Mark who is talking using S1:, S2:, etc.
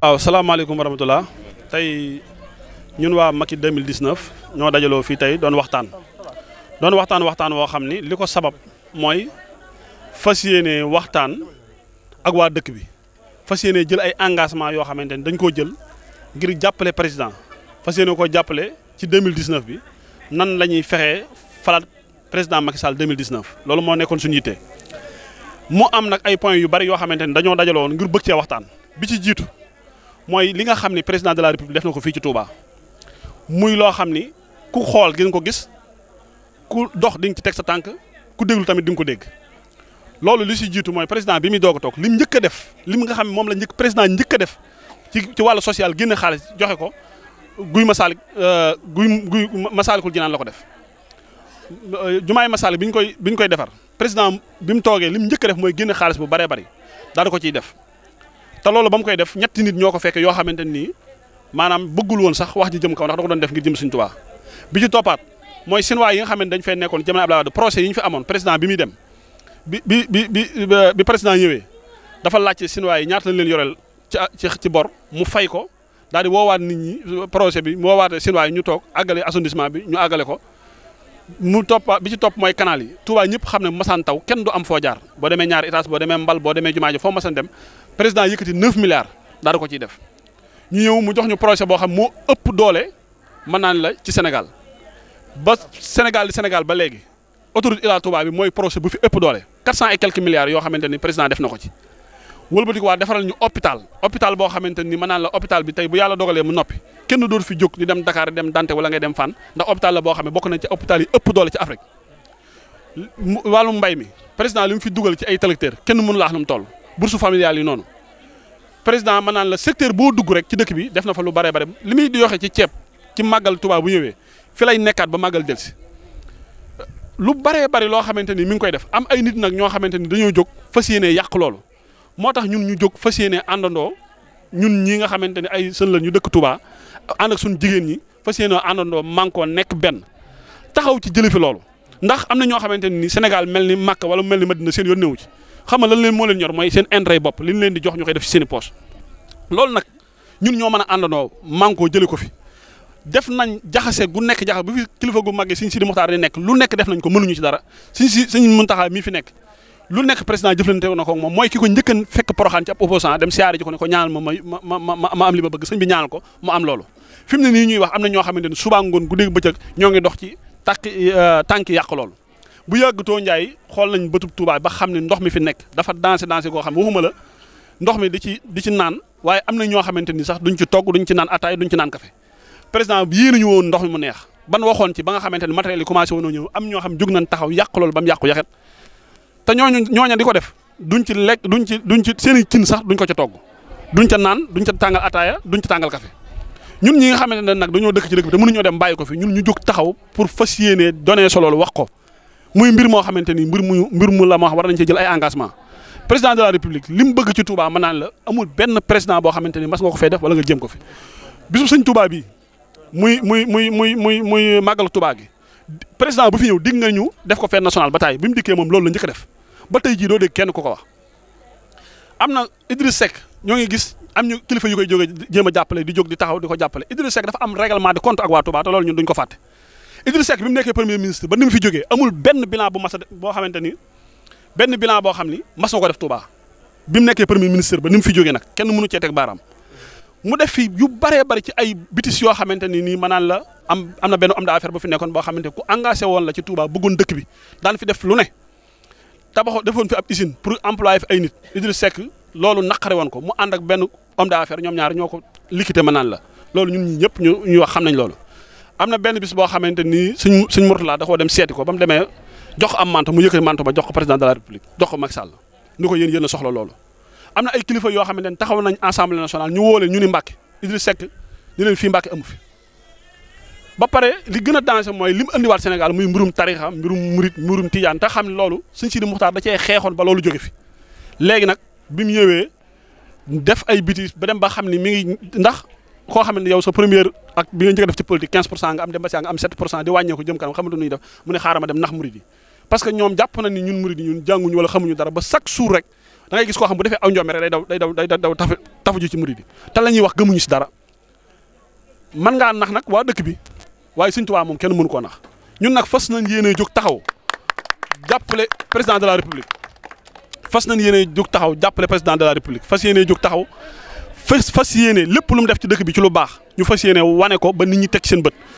S1: waaw warahmatullah. wa rahmatulah tay ñun waa Macky 2019 ñoo dajaloo fii tey doon waxtaan doon waxtaan waxtaan woo xam ni li sabab mooy fas waxtaan ak waa dëkk bi fas jël ay engagement yoo xamante ni dañ koo jël ngir jàppale président fas yéene koo ci 2019 bi nan la ñuy fexee falaat président Macky Sall 2019 loolu moo nekkoon suñu yitte mo am nak ay points yu bari yoo xamante ni dañoo dajaloo woon ngir bëgg cee waxtaan bi ci jitu mooy li nga xam ni président de la république def na ko fii ci Touba muy loo xam ni ku xool di nga ko gis ku dox di nga ci teg sa tànk ku déglu tamit di nga ko dégg loolu li si jiitu mooy président bi muy doog a toog li njëkk a def lim nga xam ne moom la njëkk président njëkk a def ci ci wàllu social génne xaalis joxe ko guy masaalik euh, guy guy masaalikul jinaan la ko def euh, jumaay masaalik bi ñu koy bi koy defar président bi mu toogee li mu njëkk def mooy génne xaalis bu baree bari daal ko ciy def. te loolu ba mu koy def ñetti nit ñoo ko fekk yoo xamante nii maanaam bëggul woon sax wax ji jëm kaw ndax da ko doon def ngir jëm Sëriñ Tuubaa bi ci toppaat mooy Sinoa yi nga xamante dañ fee nekkoon jamono Abdoulaye Wade procès yi ñu fi amoon bi bi bi président ñëwee dafa laajte Sinoa yi ñaata lañ leen yoreel ci ci bor mu fay ko daal di woowaat nit ñi projet bi mu woowaat Sinoa yi ñu toog àggale assainissement bi ñu àggale ko mu topp bi ci topp mooy canal yi Touba ñëpp xam ne masaan taw kenn du am foo jaar boo demee ñaari étage boo demee mbal boo demee jumaa ji foo masaan dem président yëkkati 9 milliards daal di ko ciy def ñu ñëw mu jox ñu projet boo xam moo ëpp doole mën naa la ci Sénégal ba Sénégal di Sénégal ba léegi autoroute Ila Touba bi mooy projet bu fi ëpp doole 400 et quelques milliards yoo xamante ni président def na ko ci. wëlbatiku waa defaral ñu hôpital hôpital boo xamante ni mën naan la hôpital bi tey bu yàlla dogalee mu noppi kenn dootu fi jóg di dem Dakar dem Dante wala ngay dem fan ndax hôpital la boo xam ne bokk nañ ci ëpp doole ci Afrique wàllum mbay mi président li mu fi dugal ci ay tracteurs kenn mënu laax mu toll bourse familiale yi noonu président mën naan la secteur boo dugg rek ci dëkk bi def na fa lu bare bare li muy di yoxe ci ceeb ci màggal Tuubaa bu ñëwee fi lay nekkaat ba màggal si lu baree bari loo xamante ni mi ngi koy def am ay nit nag ñoo xamante ni dañoo jóg fas yéenee yàq loolu moo tax ñun ñu jóg fas yéenee àndandoo ñun ñi nga xamante ni ay sën la ñu dëkk Touba ànd ak suñu jigéen ñi fas yéenee àndandoo mànkoo nekk benn taxaw ci jëlee fi loolu ndax am na ñoo xamante ni Sénégal mel ni Màkka wala mel ni Madina seen yoon newu ci xam lan leen moo leen ñor mooy seen intérêt bopp li ñu leen di jox ñu koy def seen poche loolu nag ñun ñoo mën a àndandoo mànkoo ko fi def nañ jaxase gu nekk jaxase bu fi kilifa gu màggee Sëriñ Sidi Moxtaar di nekk lu nekk def nañ ko mënuñu ci dara si Muntaxa fi nekk lu nekk président jëflante na ko moom mooy ki ko fekk poroxaan ci opposant dem siyaare ji ne ko ñaanal ma ma ma am li ma bëgg sëñ bi ñaanal ko mu am loolu fi mu ñuy wax am na ñoo xamante ne suba ngoon bëccëg ngi dox ci eh, tànk yàq loolu bu yàggutoo Ndiaye xool nañ bëtub Touba ba xam ne ndox mi fi nekk dafa dansé dansé goo xam ne waxuma la ndox mi di ci di ci naan waaye am na ñoo xamante ni sax duñ ci togg duñ ci naan ataay duñ ci naan kafe président yéen ñu woon ndox mi mu neex ban waxoon ci ba nga xamante ni matériel yi commencé woon ñëw am ñoo xam jug nañ taxaw yàq loolu ba mu yàqu yaxet te ñooñu ñooña di ko def duñ ci lekk duñ ci duñ ci seen i cin sax duñ ko ca togg duñ ca naan duñ ca tàngal ataaya duñ ca tàngal kafe ñun ñi nga xamante nag dañoo dëkk ci dëkk bi te mënuñoo dem bàyyi ko fi ñun ñu jóg taxaw pour fas yéenee donné solo wax ko muy mbir moo xamante ni mbir mu mbir mu la moo xam war nañ ci jël ay engagement président de li mu bëgg ci Touba mën naan la amul benn président boo xamante ni mas nga ko fee def wala nga jéem ko fi bisu sëñ bi muy muy muy muy muy muy màggal Touba gi président bu fi ñëw digg nga ñu def ko fête nationale ba taay bi mu dikkee moom loolu la njëkk a def ba tey jii doo dégg kenn ku ko wax am na Idriss Seck ñoo ngi gis am ñu kilifa yu koy jógee jéem a jàppale di jóg di taxaw di ko jàppale Idriss Seck dafa am règlement de compte ak waa te loolu ñun duñ ko fàtte Idrissa Seck bimu nekké premier ministre ba ni fi joggé amul benn bilan bu massa bo xamanteni ben benn bilan bo xamni massa ko def Touba bimu nekké premier ministre ba ni fi joggé nak kenn mënu ci tek baram mu def fi yu bare bare ci ay bitis yo xamanteni ni manan la am amna na am da affaire bu fi nekkon bo xamanteni ku engagé won la ci Touba bëggoon dëkk bi daan fi def lu ne tabax defoon fi ab usine pour employer fi ay nit Idrissa Seck lolu naqare won ko mu and ak benn homme d'affaires ñom ñaar ñoko likité manan la lolu ñun ñëpp ñu wax xam nañ am na benn bis boo xamante ni suñ suñ Mourtala da koo dem seeti ko ba mu demee jox am manto mu yëkkati manto ba jox ko président de la république jox ko Macky Sall ni ko yéen yéen a soxla loolu. am na ay kilifa yoo xamante ni taxaw nañ assemblée nationale ñu woo leen ñu ni Mbacke Idriss Seck ñu leen fii Mbacke amu fi ba pare li gën a danger mooy li mu indiwaat Sénégal muy mbirum tarixa mbirum murit mbirum tijaan te xam ne loolu suñ Sidi Muxtaar da cee xeexoon ba loolu jóge fi léegi nag bi mu ñëwee def ay bitis ba ba xam ni mi ngi ndax ko xamne yow sa premier ak bi nga njëkk def ci politique 15 nga am dem ba ci nga am 7 pour cent di wàññeeku jëm kanam xamante nuy def mu ne xaaral dem nax mouride parce que ñom japp na ni ñun mouride yi ñun jànguñu wala xamuñu dara ba chaque jour rek da ngay gis ko xam bu defé aw ñom rek day daw day daw day daw tafu tafu ju ci mouride ta lañuy la ñuy wax gëmuñu si dara man nga nax nak wa dëkk bi waye seigne touba mom kenn mënu ko nax ñun nak fas nañ yéene juk taxaw jàppale président de la république fas nañ yéene juk taxaw jàppale président de la république fas yéene juk taxaw fas lepp yéene lu mu def ci dëkk bi ci lu baax ñu fas wané ko ba nit ñi teg seen bët